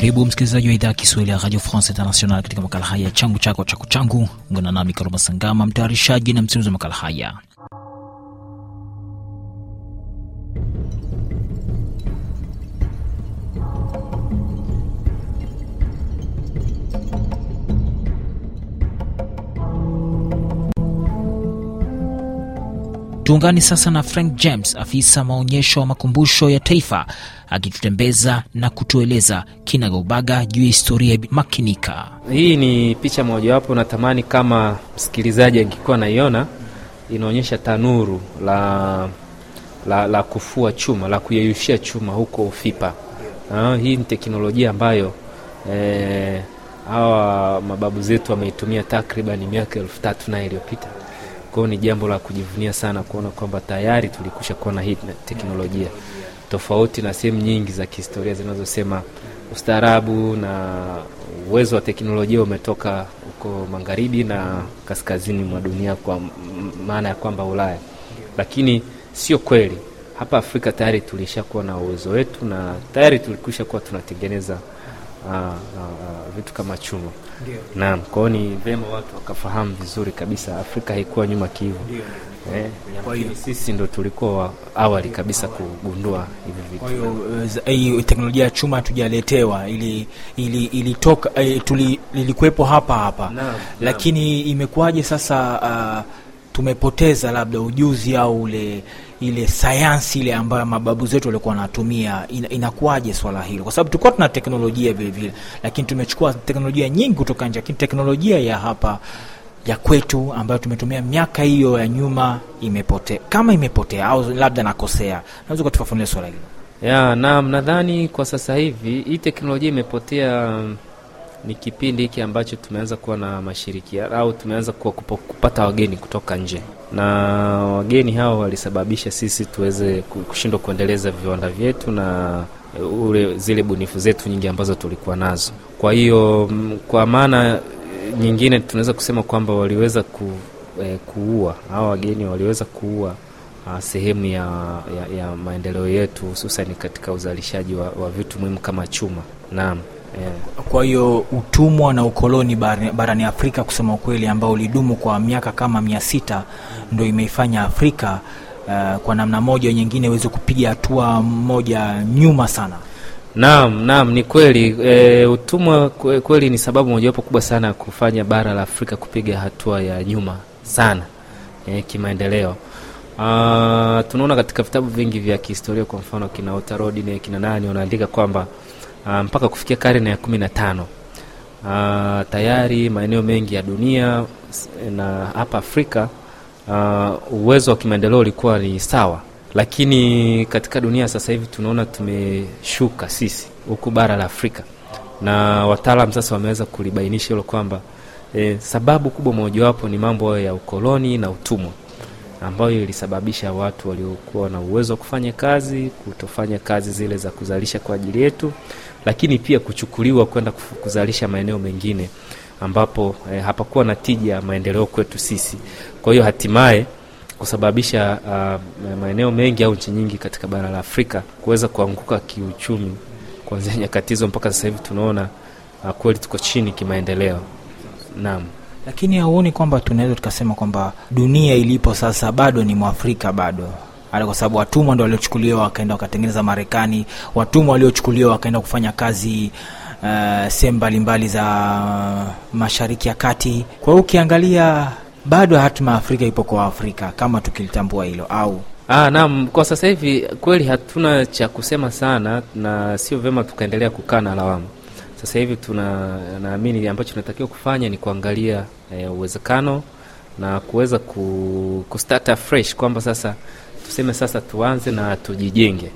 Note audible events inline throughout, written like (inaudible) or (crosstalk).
Karibu msikilizaji wa idhaa Kiswahili ya Radio France International katika makala haya changu chako chako changu. Ungana nami Karuma Sangama, mtayarishaji na msimuzi wa makala haya. Tuungane sasa na Frank James, afisa maonyesho wa makumbusho ya taifa, akitutembeza na kutueleza kinagaubaga juu ya historia ya Makinika. Hii ni picha mojawapo, natamani kama msikilizaji angekuwa naiona, inaonyesha tanuru la, la, la kufua chuma la kuyeyushia chuma huko Ufipa. Ha, ah, hii ni teknolojia ambayo eh, hawa eh, mababu zetu wameitumia takribani miaka elfu tatu naye iliyopita kwao ni jambo la kujivunia sana kuona kwamba tayari tulikusha kuwa na hii teknolojia tofauti na sehemu nyingi za kihistoria zinazosema ustaarabu na uwezo wa teknolojia umetoka huko magharibi na kaskazini mwa dunia, kwa maana ya kwamba Ulaya, lakini sio kweli. Hapa Afrika tayari tulishakuwa na uwezo wetu na tayari tulikusha kuwa tunatengeneza Ah, ah, ah, vitu kama chuma. Naam, kwao ni vyema watu wakafahamu vizuri kabisa Afrika haikuwa nyuma kihivyo. Eh, kwa hiyo sisi ndo tulikuwa awali kabisa kugundua hivi vitu. Kwa eh, eh, hiyo teknolojia ya chuma hatujaletewa, ili ili ilitoka eh, tuli, hapa hapa. lakini imekuwaje sasa uh, tumepoteza labda ujuzi au ule ile sayansi ile ambayo mababu zetu walikuwa wanatumia. in, inakuwaje swala hilo? Kwa sababu tulikuwa tuna teknolojia vile vile, lakini tumechukua teknolojia nyingi kutoka nje, lakini teknolojia ya hapa ya kwetu ambayo tumetumia miaka hiyo ya nyuma imepotea. Kama imepotea au labda nakosea, naweza ukatufafanulia swala hilo? Ya, naam, nadhani kwa sasa hivi hii teknolojia imepotea ni kipindi hiki ambacho tumeanza kuwa na mashirikiano au tumeanza kuwa kupo, kupata wageni kutoka nje, na wageni hao walisababisha sisi tuweze kushindwa kuendeleza viwanda vyetu na uh, ule zile bunifu zetu nyingi ambazo tulikuwa nazo. Kwa hiyo mm, kwa maana eh, nyingine tunaweza kusema kwamba waliweza ku, eh, kuua hawa wageni waliweza kuua uh, sehemu ya, ya, ya maendeleo yetu hususan katika uzalishaji wa, wa vitu muhimu kama chuma. Naam. Yeah. Kwa hiyo utumwa na ukoloni barani, barani Afrika kusema ukweli, ambao ulidumu kwa miaka kama mia sita ndo imeifanya Afrika uh, kwa namna moja nyingine iweze kupiga hatua moja nyuma sana. Naam, naam, ni kweli e, utumwa kweli ni sababu mojawapo kubwa sana ya kufanya bara la Afrika kupiga hatua ya nyuma sana e, kimaendeleo. Uh, tunaona katika vitabu vingi vya kihistoria, kwa mfano kina Otarod na kina nani wanaandika kwamba Ah, mpaka kufikia karne ya kumi na tano. Uh, tayari maeneo mengi ya dunia na hapa Afrika uh, uwezo wa kimaendeleo ulikuwa ni sawa, lakini katika dunia sasa hivi tunaona tumeshuka sisi huku bara la Afrika, na wataalam sasa wameweza kulibainisha hilo kwamba e, sababu kubwa mojawapo ni mambo ya ukoloni na utumwa ambayo ilisababisha watu waliokuwa na uwezo wa kufanya kazi kutofanya kazi zile za kuzalisha kwa ajili yetu lakini pia kuchukuliwa kwenda kuzalisha maeneo mengine ambapo eh, hapakuwa na tija ya maendeleo kwetu sisi. Kwa hiyo hatimaye kusababisha uh, maeneo mengi au nchi nyingi katika bara la Afrika kuweza kuanguka kiuchumi kuanzia nyakati hizo mpaka sasa hivi tunaona uh, kweli tuko chini kimaendeleo. Naam. Lakini hauoni kwamba tunaweza tukasema kwamba dunia ilipo sasa bado ni Mwafrika bado hata kwa sababu watumwa ndio waliochukuliwa wakaenda wakatengeneza Marekani, watumwa waliochukuliwa wakaenda kufanya kazi uh, sehemu mbalimbali za Mashariki ya Kati. Kwa hiyo ukiangalia bado hatima ya Afrika ipo kwa Afrika kama tukilitambua hilo au Ah, naam, kwa sasa hivi kweli hatuna cha kusema sana, na sio vema tukaendelea kukaa na lawama. Sasa hivi tuna naamini ambacho tunatakiwa kufanya ni kuangalia e, uwezekano na kuweza ku, ku start afresh kwamba sasa tuseme sasa tuanze na tujijenge.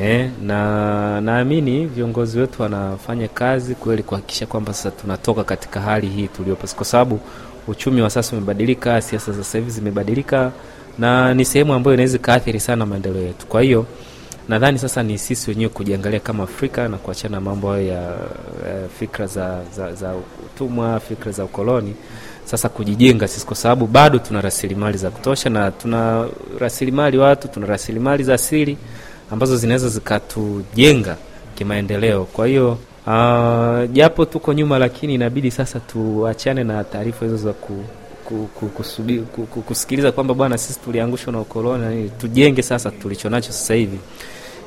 E, na naamini viongozi wetu wanafanya kazi kweli kuhakikisha kwamba sasa tunatoka katika hali hii tuliyopo, kwa sababu uchumi wa sasa umebadilika, siasa za sasa hivi zimebadilika, na ni sehemu ambayo inaweza ikaathiri sana maendeleo yetu. Kwa hiyo nadhani sasa ni sisi wenyewe kujiangalia kama Afrika na kuachana na mambo hayo ya, ya eh, fikra za, za, za utumwa, fikra za ukoloni sasa kujijenga sisi, kwa sababu bado tuna rasilimali za kutosha na tuna rasilimali watu, tuna rasilimali za asili ambazo zinaweza zikatujenga kimaendeleo. Kwa hiyo uh, japo tuko nyuma, lakini inabidi sasa tuachane na taarifa hizo za ku, kusikiliza kwamba bwana sisi tuliangushwa na ukoloni. Tujenge sasa tulichonacho sasa hivi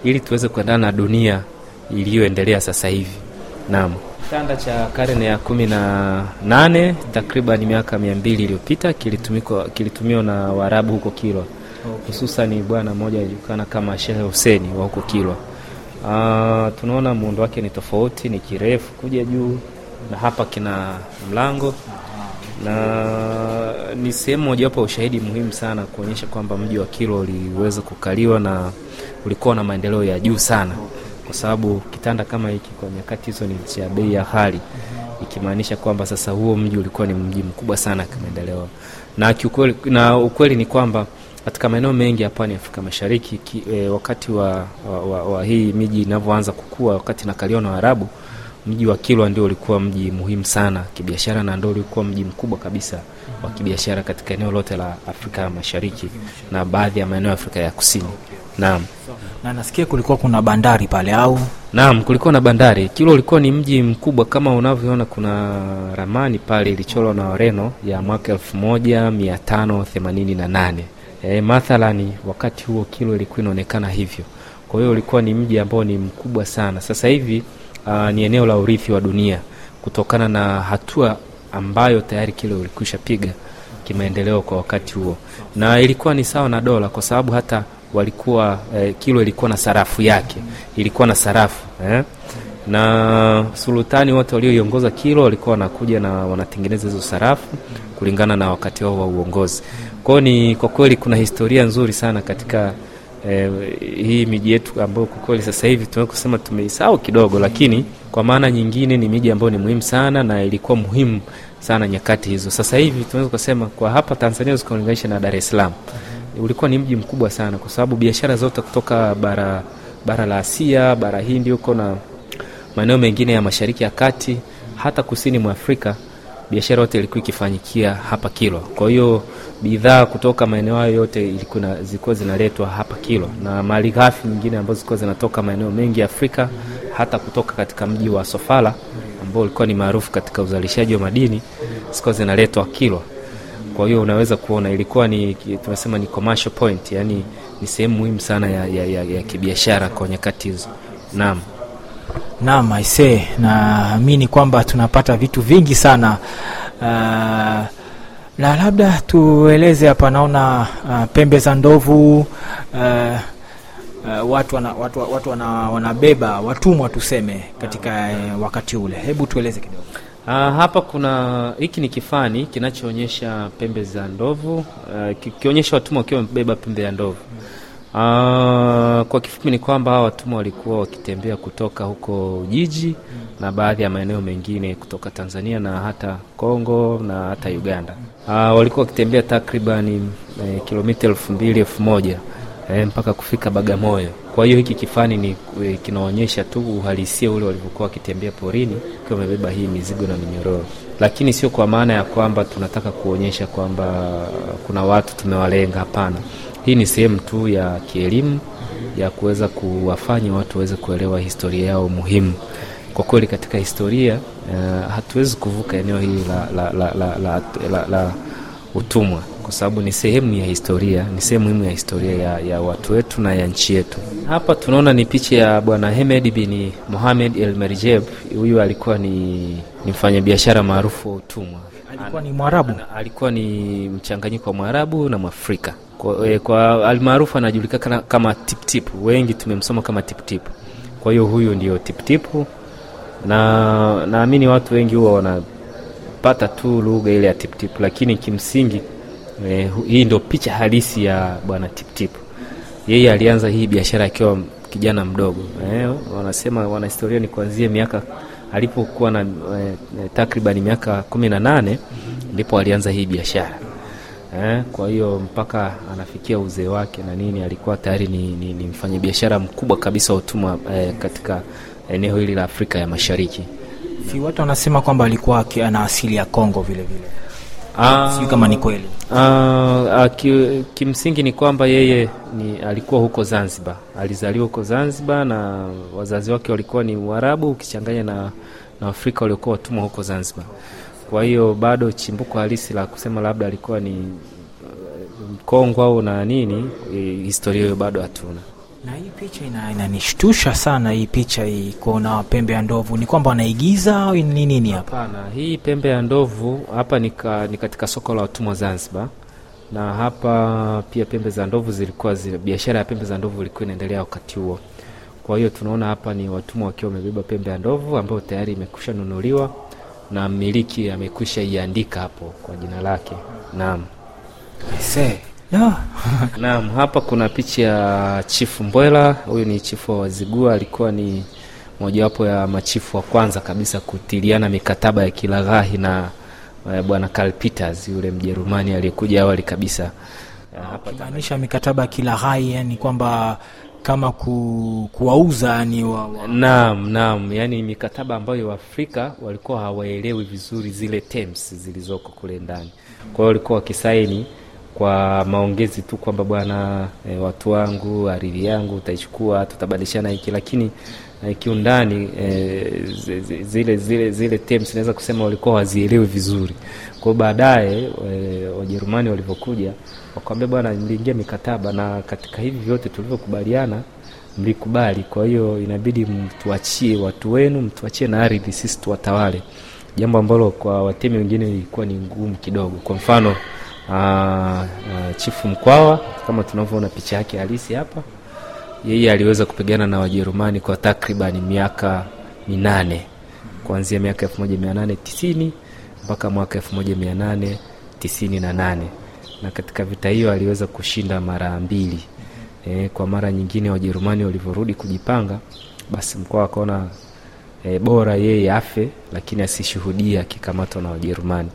ili tuweze kuendana na dunia iliyoendelea sasa hivi. Naam. Kitanda cha karne ya kumi na nane takriban miaka mia mbili iliyopita kilitumiwa na Waarabu huko Kilwa, hususan okay. Bwana mmoja alijulikana kama Shehe Huseni wa huko Kilwa. Uh, tunaona muundo wake ni tofauti, ni kirefu kuja juu na hapa kina mlango na ni sehemu mojawapo ya ushahidi muhimu sana kuonyesha kwamba mji wa Kilwa uliweza kukaliwa na ulikuwa na maendeleo ya juu sana kwa sababu kitanda kama hiki kwa nyakati hizo ni cha bei ya hali ikimaanisha kwamba sasa huo mji ulikuwa ni mji mkubwa sana kimaendeleo, na kiukweli, na ukweli ni kwamba katika maeneo mengi ya pwani Afrika Mashariki ki, e, wakati wa, wa, wa, wa hii miji inavyoanza kukua wakati nakaliwa na Waarabu, mji wa Kilwa ndio ulikuwa mji muhimu sana kibiashara na ndio ulikuwa mji mkubwa kabisa wa kibiashara katika eneo lote la Afrika Mashariki na baadhi ya maeneo ya Afrika ya Kusini. Naam. Na nasikia kulikuwa kuna bandari pale au? Naam, kulikuwa na bandari. kilo ulikuwa ni mji mkubwa kama unavyoona, kuna ramani pale ilicholwa na Wareno ya mwaka elfu moja mia tano themanini na nane. E, mathalani wakati huo kilo ilikuwa inaonekana hivyo. Kwa hiyo ulikuwa ni mji ambao ni mkubwa sana. Sasa hivi uh, ni eneo la urithi wa dunia kutokana na hatua ambayo tayari kilo ulikwisha piga kimaendeleo kwa wakati huo, na ilikuwa ni sawa na dola, kwa sababu hata walikuwa eh, kilo ilikuwa na sarafu yake, ilikuwa na sarafu eh? na sultani wote walioiongoza kilo walikuwa wanakuja na wanatengeneza hizo sarafu kulingana na wakati wao wa uongozi. kwao ni kwa kweli kuna historia nzuri sana katika eh, hii miji yetu ambayo kwa kweli sasa hivi tunaweza kusema tumeisahau kidogo, lakini kwa maana nyingine ni miji ambayo ni muhimu sana na ilikuwa muhimu sana nyakati hizo. Sasa hivi tunaweza kusema kwa hapa Tanzania, ukilinganisha na Dar es Salaam ulikuwa ni mji mkubwa sana, kwa sababu biashara zote kutoka bara, bara la Asia, bara Hindi huko na maeneo mengine ya Mashariki ya Kati, hata kusini mwa Afrika, biashara yote ilikuwa ikifanyikia hapa Kilwa. Kwa hiyo bidhaa kutoka maeneo hayo yote ilikuwa zilikuwa zinaletwa hapa Kilwa, na malighafi nyingine ambazo zilikuwa zinatoka maeneo mengi ya Afrika, hata kutoka katika mji wa Sofala ambao ulikuwa ni maarufu katika uzalishaji wa madini, zilikuwa zinaletwa Kilwa. Kwa hiyo unaweza kuona ilikuwa ni tunasema ni commercial point, yani ni sehemu muhimu sana ya, ya, ya, ya kibiashara kwa nyakati hizo. Naam. Naam, aisee, naamini kwamba tunapata vitu vingi sana uh, na labda tueleze hapa, naona uh, pembe za ndovu uh, uh, watu, wana, watu, watu wana, wanabeba watumwa tuseme katika uh, wakati ule. Hebu tueleze kidogo. Uh, hapa kuna hiki ni kifani kinachoonyesha pembe za ndovu, eh, kionyesha kikionyesha watumwa wakiwa wamebeba pembe ya ndovu. uh, kwa kifupi ni kwamba hawa watumwa walikuwa wakitembea kutoka huko Ujiji na baadhi ya maeneo mengine kutoka Tanzania na hata Kongo na hata Uganda. uh, walikuwa wakitembea takribani eh, kilomita elfu mbili elfu moja eh, mpaka kufika Bagamoyo. Kwa hiyo hiki kifani ni eh, kinaonyesha tu uhalisia ule walivyokuwa wakitembea porini wakiwa wamebeba hii mizigo na minyororo, lakini sio kwa maana ya kwamba tunataka kuonyesha kwamba kuna watu tumewalenga. Hapana, hii ni sehemu tu ya kielimu ya kuweza kuwafanya watu waweze kuelewa historia yao muhimu. Kwa kweli katika historia uh, hatuwezi kuvuka eneo hili la, la, la, la, la, la, la utumwa kwa sababu ni sehemu ya historia, ni sehemu muhimu ya historia ya, ya watu wetu na ya nchi yetu. Hapa tunaona ni picha ya Bwana Hemed bin Mohamed El Merjeb. Huyu alikuwa ni, ni mfanyabiashara maarufu wa utumwa. Alikuwa ni Mwarabu, alikuwa ni mchanganyiko wa Mwarabu na Mwafrika. Kwa, e, kwa almaarufu anajulikana kama Tiptipu, wengi tumemsoma kama Tiptipu. Kwa hiyo huyu ndio Tiptipu, na naamini watu wengi huwa wanapata tu lugha ile ya Tiptipu, lakini kimsingi Eh, hii ndio picha halisi ya bwana Tiptip. Yeye alianza hii biashara akiwa kijana mdogo eh, wanasema wanahistoria ni kuanzia miaka alipokuwa na e, eh, takriban miaka kumi na nane ndipo alianza hii biashara eh, kwa hiyo mpaka anafikia uzee wake na nini alikuwa tayari ni, ni, ni mfanyabiashara mkubwa kabisa wa utumwa e, katika eneo hili la Afrika ya Mashariki. Si watu wanasema kwamba alikuwa ana asili ya Kongo vile vile. Ah, sijui kama ni kweli. Ah, ah kimsingi ni kwamba yeye ni alikuwa huko Zanzibar, alizaliwa huko Zanzibar na wazazi wake walikuwa ni uarabu ukichanganya na na Afrika waliokuwa watumwa huko Zanzibar. Kwa hiyo bado chimbuko halisi la kusema labda alikuwa ni uh, mkongwa au na nini, eh, historia hiyo bado hatuna. Na hii picha inanishtusha sana, hii picha hii kuona pembe ya ndovu, ni kwamba wanaigiza au ni nini hapa? Hapana, hii pembe ya ndovu hapa ni, ka, ni katika soko la watumwa Zanzibar, na hapa pia pembe za ndovu zilikuwa zile, biashara ya pembe za ndovu ilikuwa inaendelea wakati huo. Kwa hiyo tunaona hapa ni watumwa wakiwa wamebeba pembe ya ndovu ambayo tayari imekwisha nunuliwa na mmiliki amekwisha iandika hapo kwa jina lake. Naam. (laughs) Naam, hapa kuna picha ya Chifu Mbwela. Huyu ni chifu wa Wazigua, alikuwa ni mojawapo ya machifu wa kwanza kabisa kutiliana mikataba ya kilaghahi na eh, bwana Karl Peters yule Mjerumani aliyekuja awali kabisa. Eh, Maanisha mikataba ya kilaghahi, yani kwamba kama ku, kuwauza yani wa, wa... Naam, naam, yani mikataba ambayo Waafrika walikuwa hawaelewi vizuri zile terms zilizoko kule ndani, kwa hiyo walikuwa wakisaini kwa maongezi tu kwamba bwana e, watu wangu, aridhi yangu utaichukua, tutabadilishana hiki, lakini e, kiundani e, zile zile zile terms naweza kusema walikuwa wazielewi vizuri. kwao baadaye e, Wajerumani walivyokuja wakamwambia, bwana, mliingia mikataba na katika hivi vyote tulivyokubaliana mlikubali, kwa hiyo inabidi mtuachie watu wenu, mtuachie na ardhi, sisi tuwatawale, jambo ambalo kwa watemi wengine ilikuwa ni ngumu kidogo. Kwa mfano Ah, ah, Chifu Mkwawa kama tunavyoona picha yake halisi hapa, yeye aliweza kupigana na Wajerumani kwa takriban miaka minane kuanzia miaka 1890 mpaka mwaka 1898 na, na katika vita hiyo aliweza kushinda mara mbili. E, kwa mara nyingine Wajerumani walivyorudi kujipanga, basi mkoa akaona e, bora yeye afe lakini asishuhudia akikamatwa na Wajerumani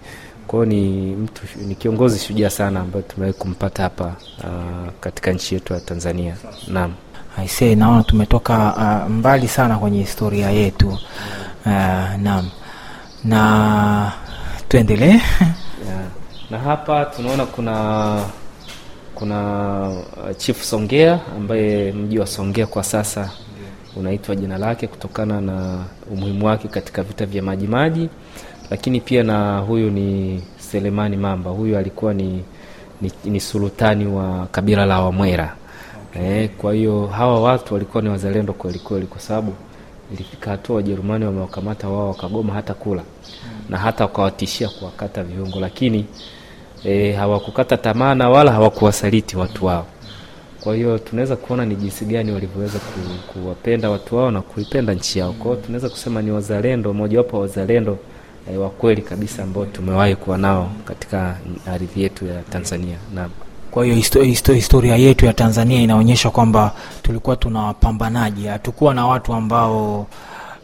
kwao ni mtu ni kiongozi shujaa sana ambaye tumewahi kumpata hapa uh, katika nchi yetu ya Tanzania. Naam. Aisee, naona tumetoka uh, mbali sana kwenye historia yetu uh, naam, na tuendelee (laughs) yeah. Na hapa tunaona kuna kuna Chief Songea ambaye mji wa Songea kwa sasa unaitwa jina lake kutokana na umuhimu wake katika vita vya Majimaji lakini pia na huyu ni Selemani Mamba, huyu alikuwa ni, ni, ni sultani wa kabila la Wamwera. Okay. E, kwa hiyo hawa watu walikuwa ni wazalendo kwelikweli kwa sababu ilifika hatua Wajerumani wamewakamata wao wakagoma hata kula hmm. na hata wakawatishia kuwakata viungo, lakini e, hawakukata tamaa na wala hawakuwasaliti watu wao. Kwa hiyo tunaweza kuona ni jinsi gani walivyoweza ku, kuwapenda watu wao na kuipenda nchi yao. kwao hmm. tunaweza kusema ni wazalendo, mojawapo wa wazalendo e, wa kweli kabisa ambao tumewahi kuwa nao katika ardhi yetu ya Tanzania na kwa hiyo historia, historia, historia yetu ya Tanzania inaonyesha kwamba tulikuwa tuna wapambanaji, hatukuwa na watu ambao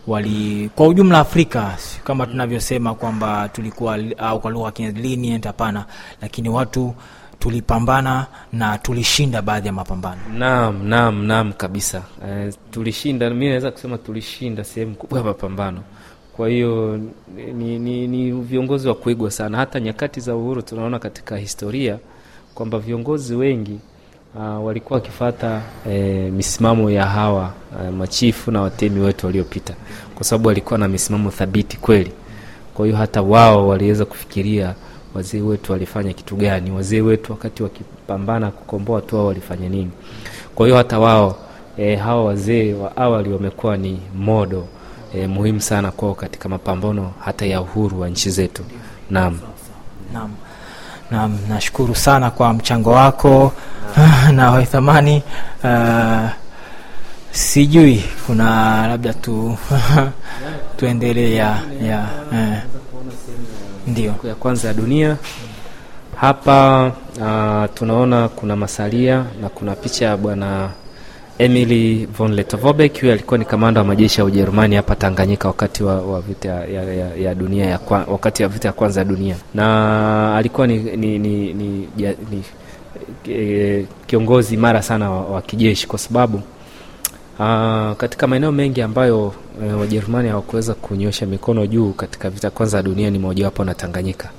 wali kwa ujumla Afrika kama tunavyosema kwamba tulikuwa au kwa lugha lenient, hapana, lakini watu tulipambana na tulishinda baadhi ya mapambano. Naam, naam, naam kabisa. E, tulishinda, mi naweza kusema tulishinda sehemu kubwa ya mapambano. Kwa hiyo ni, ni, ni viongozi wa kuigwa sana. Hata nyakati za uhuru tunaona katika historia kwamba viongozi wengi uh, walikuwa wakifata eh, misimamo ya hawa uh, machifu na watemi wetu waliopita, kwa sababu walikuwa na misimamo thabiti kweli. Kwa hiyo hata wao waliweza kufikiria wazee wetu walifanya kitu gani, wazee wetu wakati wakipambana kukomboa tu walifanya nini. Kwa hiyo hata wao eh, hawa wazee wa awali wamekuwa ni modo e, muhimu sana kwao katika mapambano hata ya uhuru wa nchi zetu. Naam, naam. Naam, nashukuru sana kwa mchango wako (laughs) na waithamani. Uh, eh, sijui kuna labda tu (laughs) tuendelee ya, ya eh. ndio ya kwanza ya dunia hapa. Uh, tunaona kuna masalia na kuna picha ya bwana Emily von Letovobe huyo alikuwa ni kamanda wa majeshi ya Ujerumani hapa Tanganyika wakati wa, wa vita ya, ya, ya dunia ya kwa, wakati ya vita ya kwanza ya dunia na alikuwa ni, ni, ni, ni, ya, ni e, kiongozi imara sana wa, wa kijeshi kwa sababu Uh, katika maeneo mengi ambayo e, Wajerumani hawakuweza kunyosha mikono juu katika vita kwanza ya dunia ni mojawapo na Tanganyika,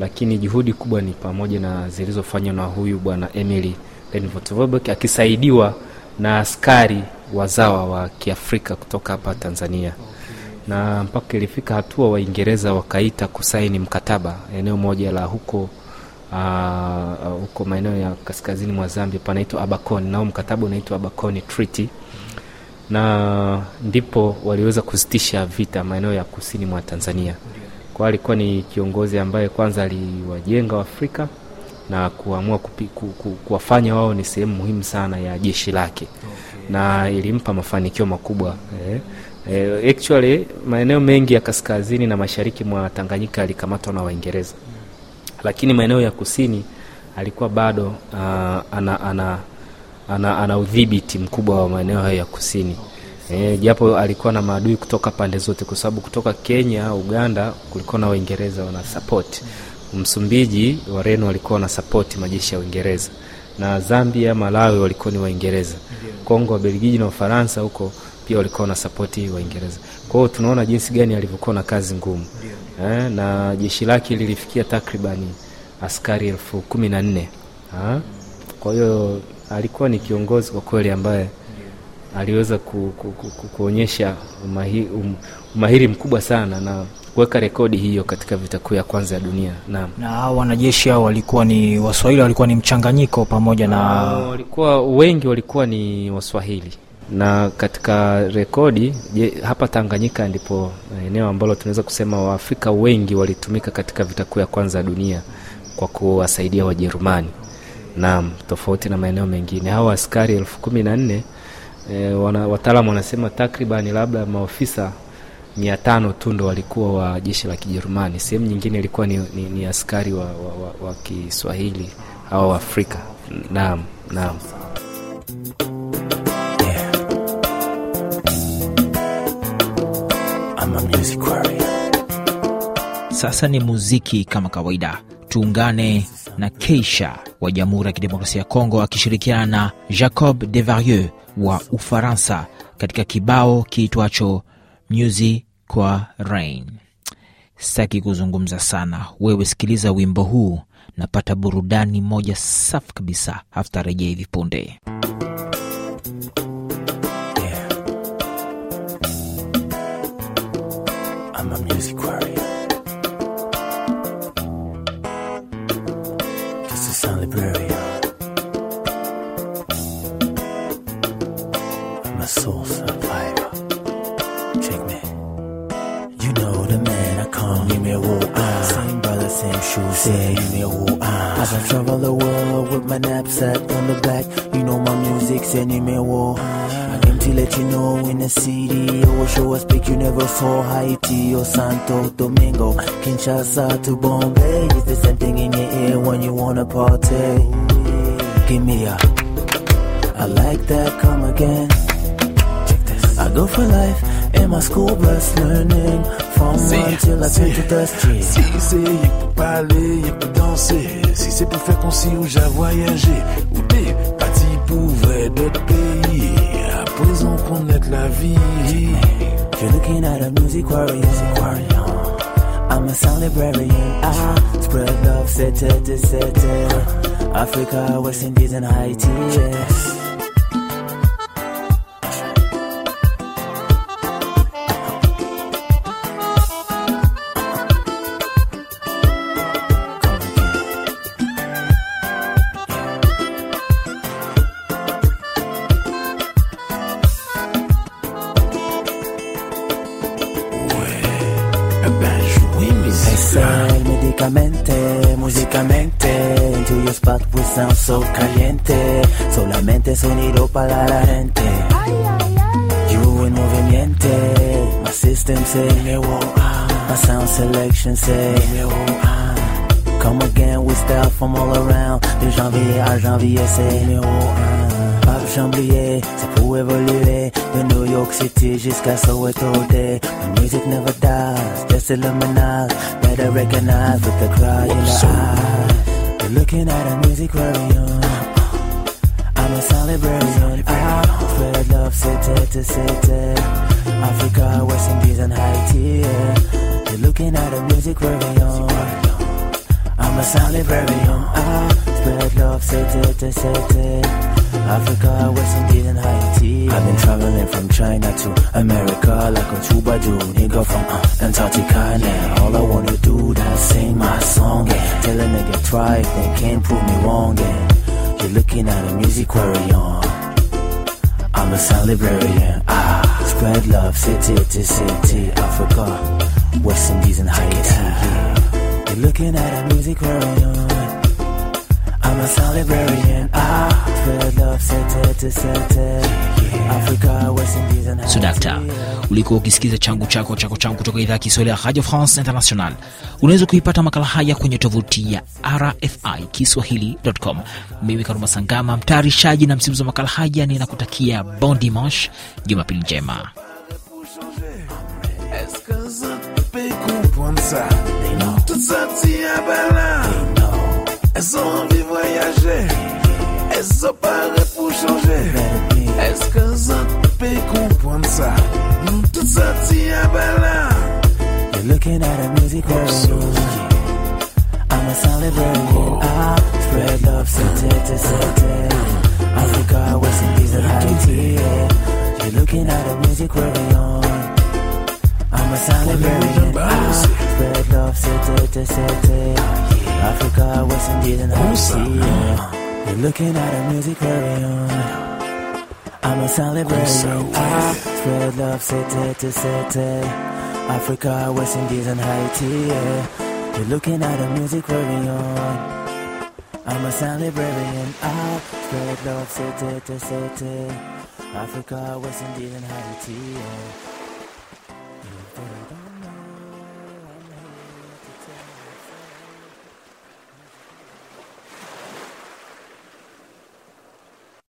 lakini juhudi kubwa ni pamoja na zilizofanywa na huyu bwana Emily Lenvotovobek akisaidiwa na askari wazawa wa Kiafrika kutoka hapa Tanzania na mpaka ilifika hatua Waingereza wakaita kusaini mkataba eneo moja la huko uh, huko maeneo ya kaskazini mwa Zambia panaitwa Abercorn, nao mkataba unaitwa Abercorn Treaty, na ndipo waliweza kusitisha vita maeneo ya kusini mwa Tanzania. Kwa alikuwa ni kiongozi ambaye kwanza aliwajenga Waafrika na kuamua kuwafanya wao ni sehemu muhimu sana ya jeshi lake okay. na ilimpa mafanikio makubwa eh. Eh, actually maeneo mengi ya kaskazini na mashariki mwa Tanganyika alikamatwa na Waingereza lakini maeneo ya kusini alikuwa bado uh, ana, ana, ana, ana udhibiti mkubwa wa maeneo hayo ya kusini okay. Eh, japo alikuwa na maadui kutoka pande zote, kwa sababu kutoka Kenya, Uganda kulikuwa na Waingereza wana support Msumbiji Wareno walikuwa na sapoti majeshi ya Uingereza na Zambia, Malawi walikuwa ni Waingereza, Kongo, Wabelgiji na Ufaransa huko pia walikuwa na sapoti Waingereza. Kwa hiyo tunaona jinsi gani alivyokuwa na kazi ngumu eh, na jeshi lake lilifikia takribani askari elfu kumi na nne. Kwa hiyo alikuwa ni kiongozi kwa kweli ambaye aliweza ku, ku, ku, ku, kuonyesha umahiri, um, umahiri mkubwa sana na kuweka rekodi hiyo katika vita kuu ya kwanza ya dunia. Naam. Na hao wanajeshi hao walikuwa ni Waswahili, walikuwa ni mchanganyiko pamoja na walikuwa wengi walikuwa ni Waswahili na katika rekodi je, hapa Tanganyika ndipo eneo ambalo tunaweza kusema Waafrika wengi walitumika katika vita kuu ya kwanza ya dunia kwa kuwasaidia Wajerumani. Naam, tofauti na maeneo mengine, hawa askari elfu kumi na nne eh, wataalamu wanasema takriban labda maofisa mia tano tu ndo walikuwa wa jeshi la Kijerumani, sehemu nyingine ilikuwa ni, ni, ni askari wa, wa, wa, wa Kiswahili au Afrika. Naam, naam. Sasa ni muziki kama kawaida, tuungane na Keisha wa Jamhuri ya Kidemokrasia ya Kongo akishirikiana na Jacob Devarieux wa Ufaransa katika kibao kiitwacho nyuzi kwa rain. Sitaki kuzungumza sana, wewe sikiliza wimbo huu, napata burudani moja safi kabisa, hafta tarejea hivi punde. Yeah. down, numéro 1 Signed by the same shoe, say numéro 1 ah. As I travel the world with my knapsack on the back You know my music's a numéro 1 ah. I came to let you know in the city Or oh, show us pick you never saw Haiti or Santo Domingo Kinshasa to Bombay It's the same thing in your ear when you wanna party Give me a I like that, come again Check this I go for life Et my school bus learning from one till I si, to dusty. Si c'est pour parler, y'a pour danser, si c'est pour faire qu'on ou j'ai voyagé, ou t'es parti pour vrai d'autres pays, à présent connaître la vie. You're looking at a music warrior, I'm a sound librarian, I spread love, set it, set Africa, West Indies and Haiti, yes. sound so caliente. Solamente sonido para la gente. You in movimiento. My system say, my sound selection say, Come again with style from all around De janvier à janvier c'est numéro 1 Pape Chamblier, c'est pour évoluer De New York City jusqu'à Soweto Day My music never dies, just a luminous Better recognize with the cry in the eye you're looking at a music aquarium. I'm a celebrarian. I spread love city to city. Africa, West Indies, and Haiti. You're looking at a music aquarium. I'm a celebrarian. I spread love city to city. Africa, West and Haiti. I've been traveling from China to America like a troubadour. Nigga from uh, Antarctica now. All I wanna do is sing my song and yeah. tell a nigga try if they can't prove me wrong. And yeah. you're looking at a music query I'm a sound librarian. Ah, spread love city to city. Africa, West Indies and Haiti. You're looking at a music query I'm a sound librarian. Ah. Sudakta ulikuwa ukisikiza changu chako chako changu kutoka idhaa ya Kiswahili ya Radio France International. Unaweza kuipata makala haya kwenye tovuti ya RFI Kiswahili.com. Mimi Karuma Sangama, mtayarishaji na msimuzi wa makala haya, ninakutakia bon dimanche, jumapili njema. Est-ce que paraît pour changer? Est-ce que ça peut comprendre ça? Nous tout ça à par là. You're looking at a musical world I'm a celebration oh. I spread love, city to city. Africa, West Indies, and Haiti. You're looking at a music on. I'm a celebrating. I spread love, city to city. Africa, West Indies, and Haiti. You're looking at a music hurry I'm a celebrity. I spread love city to city. Africa, West Indies, and Haiti. Yeah. You're looking at a music hurry I'm a celebrity. I spread love city to city. Africa, West Indies, and Haiti. Yeah.